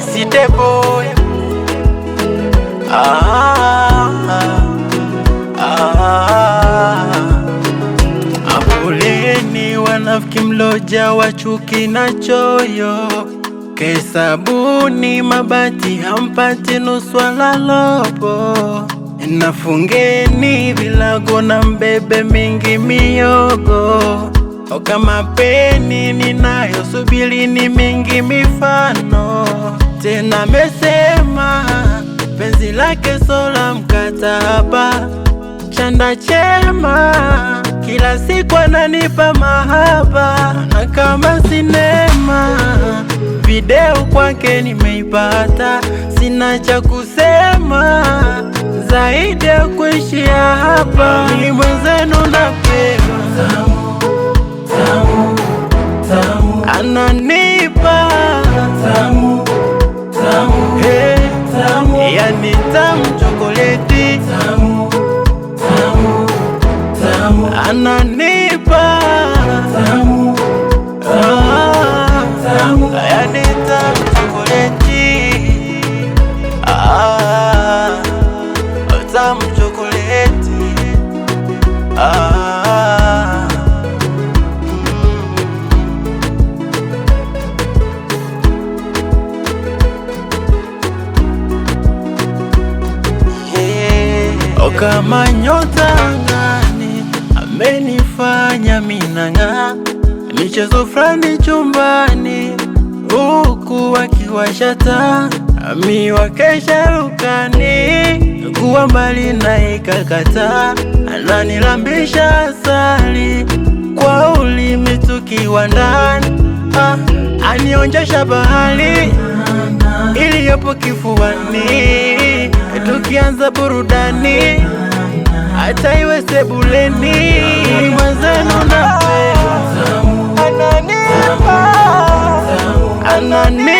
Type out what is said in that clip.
Sitebo abuleni wanafiki mloja wa chuki na choyo kesabuni mabati hampati nuswa lalopo nafungeni vilago na mbebe mingi miogo oka mapeni subili ni mingi mifano tena mesema penzi lake sola mkataba chanda chema kila siku ananipa mahaba na kama Deo kwake nimeipata, sina cha kusema zaidi ya kuishia hapa. Mimi mwenzenu napenda, ananipa tamu, tamu, hey, tamu, yani tamu chokoleti tamu, tamu, tamu, ananipa tamu. Kama nyota angani, amenifanya minang'aa. Michezo fulani chumbani, huku akiwasha taa. wakesha rukani, kuwa mbali na ikakata Ananilambisha asali, kwa ulimi tukiwa ndani. Ah, anionjesha bahari iliyopo kifuani ikianza burudani, hata iwe sebuleni, mwenzenu na ananipa anani